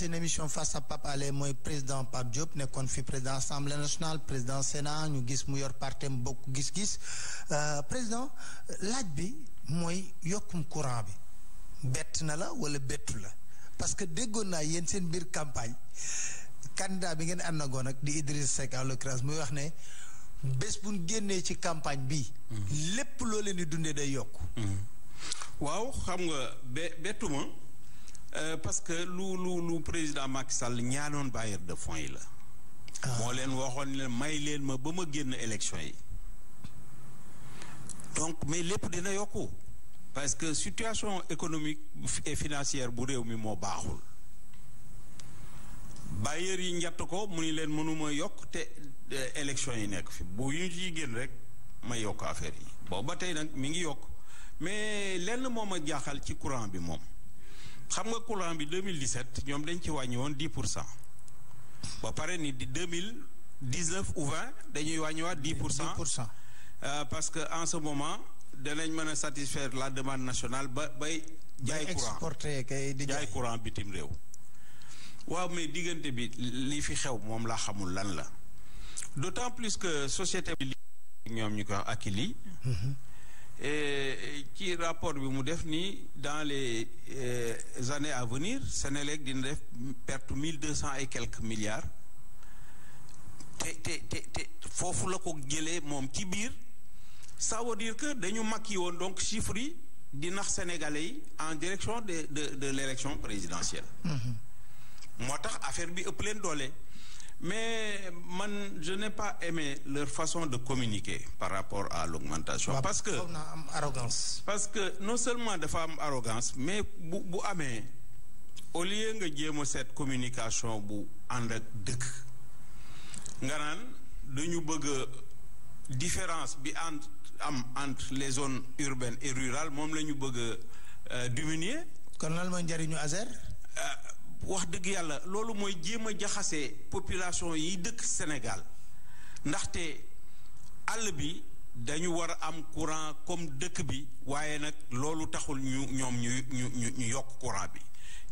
seen émission face à Pape Alé mooy président Pape Diop nekkoon fi président assemblée nationale président sénat ñu gis mu yor partem bokk gis-gis euh, président laaj bi mooy yokkum courant bi bett na la wala bettu la parce que déggoon naa yéen seen biir campagne candidat bi ngeen àndagoon ak di Idriss Seck en l'occurrence mooy wax ne bés bu génnee ci campagne bi mm-hmm. lépp loo leen di dundee day yokk mm-hmm. waaw xam nga be bettuma Euh, parce que lu lu lu président Macky Sall ñaanoon bailleur de fonds yi la. Ah. moo leen waxoon leen may leen ma ba ma génn élection yi. donc mais lépp dina yokk parce que situation économique et financière bu réew mi moo baaxul. bailleurs yi njatt ko mu ni leen mënuma yokk te élection yi nekk fi bu ñu ciy génn rek ma yokk affaire yi booba tey nag mi ngi yokk mais lenn moom a jaaxal ci courant bi moom. xam nga courant bi mille 2017 ñoom dañ ci wàññi woon 10 pour cent ba pare ni di mille 2019 ou 20 dañuy wàññiwaat 10 pour cent 10 pour euh, parce que en ce moment danañ mën a satisfaire la demande nationale ba bay. jaay courant exporté kay di jaay courant bitim réew. waaw mais diggante bi li fi xew moom laa xamul lan la d' autant plus que société bi ñoom ñu ko wax Akili mm-hmm. ci rapport bi mu def nii dans les euh, années à venir Sénélec dina def perte mille deux cent et quelques milliards te te te foofu la ko jëlee moom ci biir ça veut dire que dañu makki woon donc chiffres yi di nax yi en direction de de de l'élection présidentielle mm-hmm. moo tax affaire bi ëpp leen doole mais man je pas aimé leur façon de communiquer par rapport à l'augmentation parce que am arrogance parce que non seulement dafa am arrogance mais bu bu amee au lieu nga jéem a seet communication bu ànd ak dëkk nga naan dañu bëgg différence bi entre am entre les zones urbaines et rurales moom la ñu bëgg a euh, diminuer kon lan mooy njëriñu ASER euh, wax dëgg yàlla loolu mooy jéem a jaxase population yi dëkk Sénégal ndaxte àll bi dañu war a am courant comme dëkk bi waaye nag loolu taxul ñu ñoom ñu ñu ñu yokk courant bi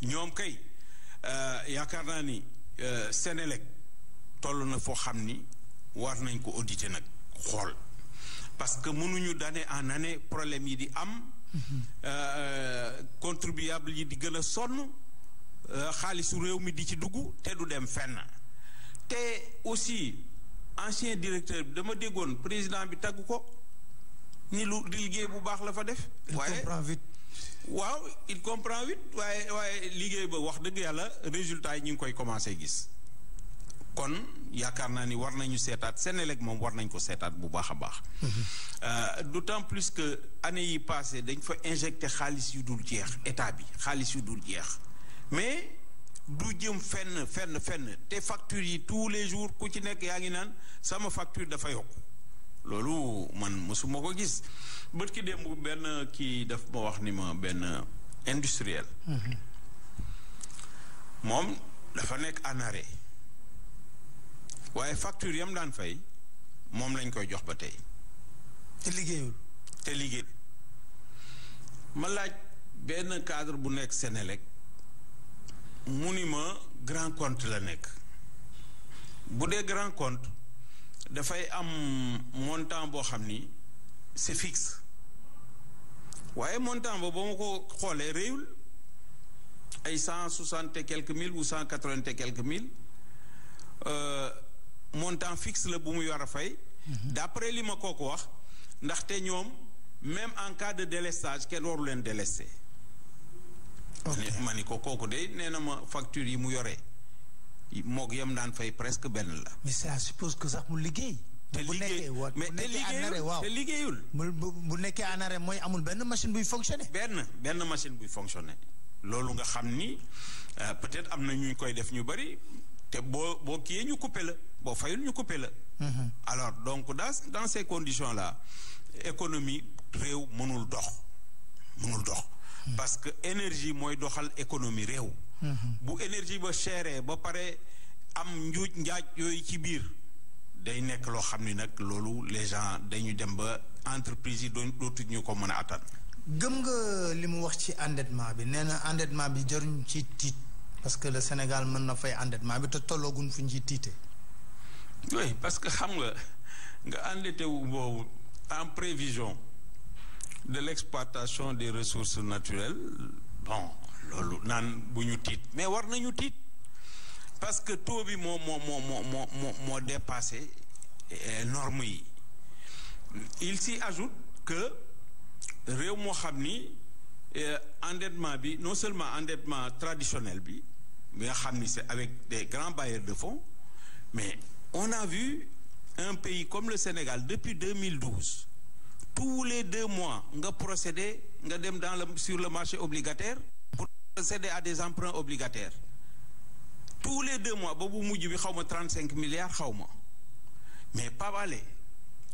ñoom kay euh, yaakaar naa ni euh, Sénélec toll na foo xam ni war nañ ko auditer nag xool parce que mënuñu d'année en année problème yi di am mm-hmm. euh, contribuable yi di gën a sonn Euh, xaalisu réew mi di ci dugg te du dem fenn te aussi ancien directeur bi dama déggoon président bi tagg ko ni lu liggéey bu baax la fa def waaye waaw il comprend vite waaye waaye liggéey ba wax dëgg yàlla résultat yi ñu ngi koy commencé gis kon yaakaar naa ni war nañu seetaat Senelec moom war nañ ko seetaat bu baax a baax euh, d'autant plus que année yi passé dañ fa injecté xaalis yu dul jeex état bi xaalis yu dul jeex mais du jëm fenn fenn fenn te facture yi tous les jours ku ci nekk yaa ngi naan sama facture dafa yokk loolu man mosuma ko gis bët ki démb benn kii daf ma wax ni ma benn industriel moom dafa nekk en arrêt waaye facture yam daan fay moom lañ koy jox ba tey te liggéeyul te liggéey ma laaj benn cadre bu nekk Sénélec mu ni ma grand compte la nekk bu dee grand compte dafay am montant boo xam ni c'est fixe waaye montant ba ba ma ko xoolee réewul ay cent soixante et quelques mille ou cent quatre-vingt et quelques mille euh, montant fixe la bu muy war a fay mhm. d'après li ma kooku wax ndaxte ñoom même en cas de délestage kenn waru leen délester ma ni ko kooku de nee na ma facture yi mu yoree moog yam daan fay presque benn la. mais ça suppose que sax mu liggéey. te liggéey mais te liggéeyul te liggéeyul. bu nekkee en mooy amul benn machine buy fonctionné. benn benn machine buy fonctionné. loolu nga xam ni euh, peut-être am na ñu koy def ñu bari te boo boo kiyee ñu coupé la boo fayul ñu coupé la. Mm-hmm. alors donc dans dans ces conditions là économie réew mënul dox mënul dox. parce que énergie mooy doxal économie réew bu énergie ba chéré ba pare am njuuj njaaj yooyu ci biir day nekk loo xam ni nag loolu les gens dañu dem ba entreprise yi doon dootuñu ko mën a attan gëm nga li mu wax ci endettement bi nee na endettement bi jaruñ ci tiit parce que le Sénégal mën na fay endettement bi te tolloogun fu ñu ci tiite oui parce que xam nga nga endetté boobu en prévision de l'exploitation des ressources naturelles bon loolu naan bu ñu tiit mais war nañu tiit parce que taux bi moo moo moo moo moo moo eh, normes yi il s'y ajoute que réew moo xam ni eh, endettement bi non seulement endettement traditionnel bi bi nga xam ni c'est avec des grands bailleurs de fonds mais on a vu un pays comme le Sénégal depuis 2012 tous les deux mois nga procéder nga dem dans le sur le marché obligataire pour procéder à des emprunts obligataires tous les deux mois boobu mujj bi xaw ma trente cinq milliards xaw ma mais Pape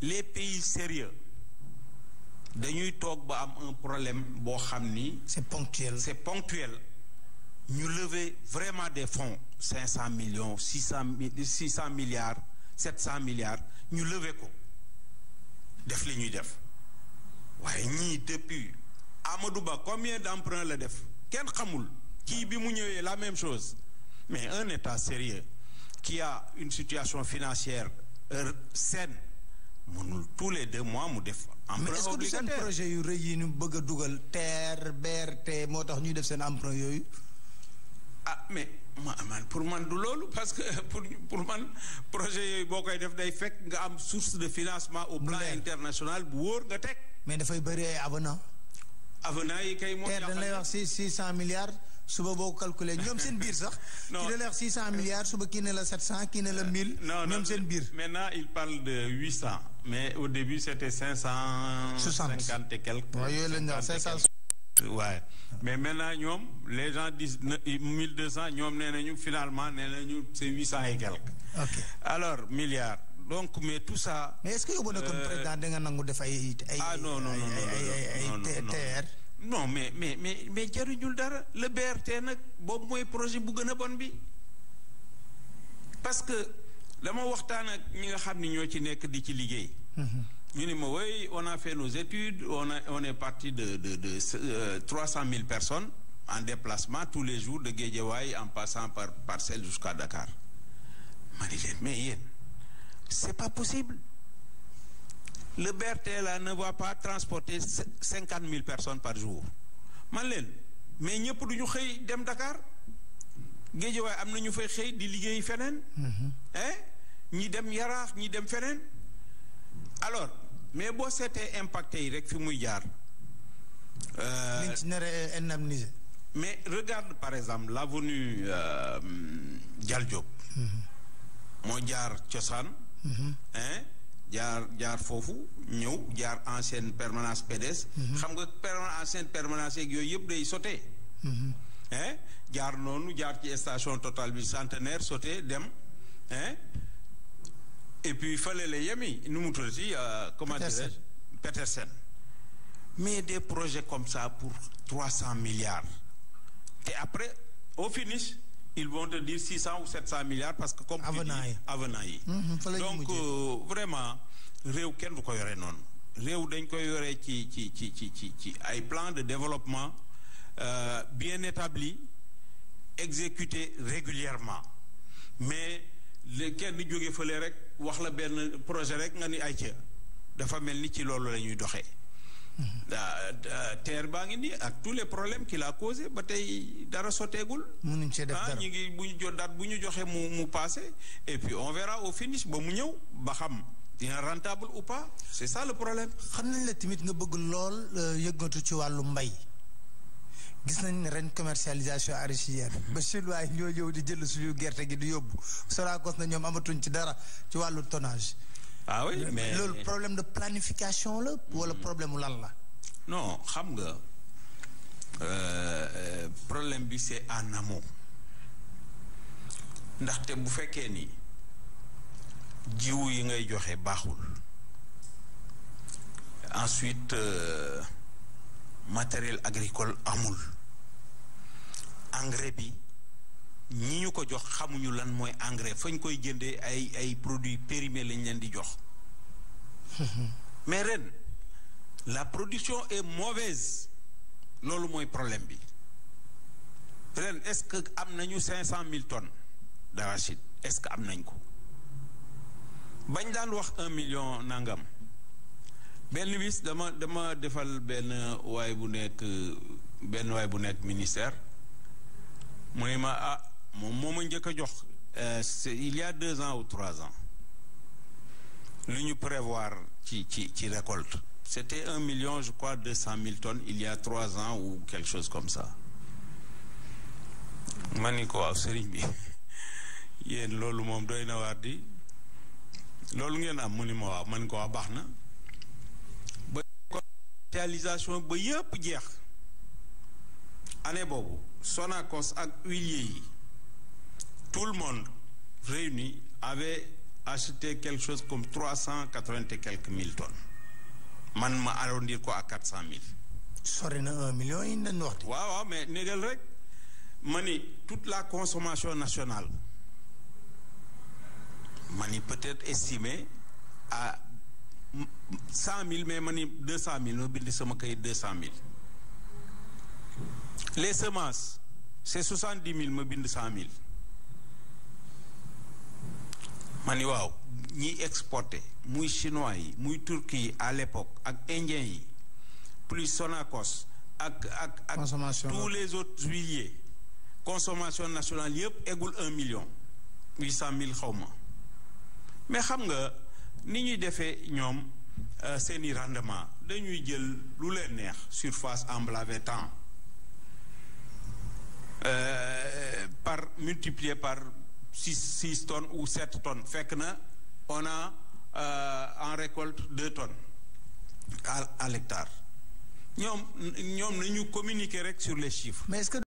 les pays sérieux dañuy toog ba am un problème boo xam ni. c'est ponctuel c'est ponctuel ñu lever vraiment des fonds cinq cent millions six cent six cent milliards sept cent milliards ñu lever ko def li ñuy def. waaye ñii depuis Amadou Ba combien d'emprunt la def kenn xamul kii bi mu ñëwee la même chose mais un état sérieux qui a une situation financière euh, saine mënul tous les de mois mu def emprunt obligataire yu rëy yi ñu bëgg a dugal TER BRT moo tax ñuy def seen emprunt yooyu ah mais ma man pour man du loolu parce que pour pour man projet yooyu boo koy def day fekk nga am source de financement au plan international bu wóor nga teg mais dafay bëri ay avenant avenant yi kay moo eh, dañ lay wax si six cent milliards suba boo calculer ñoom seen biir sax kii da lay wax six cent milliards suba kii ne la sept cent kii ne la mille euh, ñoom seen biir maintenant il parle de huit cent mais au début c'était cinq cent cinquante et quelques waaw yooyu lañ waaye mais maintenant ñoom les gens disent mille deux cent ñoom nee nañu finalement nee nañu c'est huit cent et quelques alors milliards donc mais tout ça. mais est-ce que yow boo nekkoon président da nga nangu def ay. ay ah non non non non mais mais mais mais jariñul dara le BRT nag boobu mooy projet bu gën a bon bi parce que dama waxtaan ak ñi nga xam ni ñoo ci nekk di ci liggéey. Mm-hmm. ñu ne ma woy on a fait nos études on a on est parti de de de euh, trois cent mille personnes en déplacement tous les jours de géeje waaye en passant par Parcelles jusqu'à Dakar ma ni leen mais yéen. c'est pas possible le BRT là ne va pas transporter cinquante mille personnes par jour man leen mais ñëpp du ñu xëy dem Dakar Géejawaay am na ñu fay xëy di liggéey feneen. eh ñi dem Yaraax ñi dem feneen alors mais boo seetee impacté yi rek fi muy jaar. Euh, liñ ci mais regarde par exemple l'avenue euh, Dial Diop. Mm-hmm. moo jaar cosaan. Mm-hmm. jaar jaar foofu ñëw jaar ancienne permanence PDS. Mm-hmm. xam nga permanence ancienne permanence yeeg yooyu yëpp day sauté. Mm-hmm. jaar noonu jaar ci station Total bi centenaire sauté dem. et puis fële la yemi nu mu tuddati euh, comment dirais-je Petersen mais des projet comme ça pour trois cent milliards. te après au finish ils vont te dire six cent ou sept cent milliards parce que comme avenant yi avenant yi mhm, donc euh, vraiment réew kenn du ko yore noonu réew dañ koy yore ci ci ci ci ci ci ay plan de développement euh, bien établi exécuté régulièrement mais kenn jóge fële rek wax la benn projet rek nga ni ay ca dafa mel ni ci loolu la ñuy doxee terre baa ngi nii ak tous les problèmes qu'il a ba tey dara sotteegul. nuñ cee def ah, dara bu ñu jot daat bu ñu joxe mu mu paase. et puis on verra au finish ba mu ñëw ba xam dina rentable ou pas c'est ça le problème. xam nañ la tamit nga bëgg lool euh, yëngatu ci wàllu mbay. gis nañ ne ren commercialisation arachidière hmm. ba chinois yi ñoo di jël gerte gi di yóbbu Sonacos na ñoom amatuñ ci dara ci wàllu tonnage. ah oui loolu problème de planification la. wala problème mu lan la. non xam nga euh, euh, problème bi c'est en amont ndaxte bu fekkee ni jiwu yi ngay joxe baaxul ensuite euh, matériel agricole amul engrais bi. ñi ñu ko jox xamuñu lan mooy engrais fañ koy jëndee ay ay produits périmés lañ leen di jox. mais ren la production est mauvaise loolu mooy problème bi ren est-ce que am nañu cinq cent mille tonnes d'arachide est-ce que am nañ ko bañ daan wax un million nangam benn bis dama dama defal benn waay bu nekk benn waay bu nekk ministère mu ma ah moom moom ma njëkk a jox euh, il y a deux ans ou trois ans lu ñu prévoir ci ci ci récolte c'était un million je crois deux cent mille ton il y a trois ans ou quelque chose comme ça ma ni ko waaw sëriñ bi yéen loolu moom doy na war di loolu ngeen am mu ni ma waaw ma ko waaw baax na ba commercialisation ba yëpp jeex année boobu Sonacos ak huiliers yi tout le monde réuni avait acheté quelque chose comme trois cent quatre-vingt et mille ton man ma arrondir ko ak quatre cent mille. sori na un million yi nañ waaw mais négal rek ma ni la consommation nationale ma peut-être estimée à cent mille mais ma ni deux cent mille ma bind sama kayit deux mille. les semences c'est soixante-dix mille ma bind cent mille. ma ni waaw ñiy exporté muy chinois yi muy turki yi à l'époque ak indien yi plus Sonacos ak ak ak tous les autres huiliers consommation nationale yëpp eggul un million huit cent mille xawma mais xam nga ni ñuy defee ñoom euh, seeni rendement dañuy jël lu leen neex surface emblavée temps euh, par multiplié par six six tonnes ou sept tonnes fekk na on a euh, en récolte deux tonnes à à l'hectare ñoom ñoom nañu communiquer rek sur les chiffres. Mais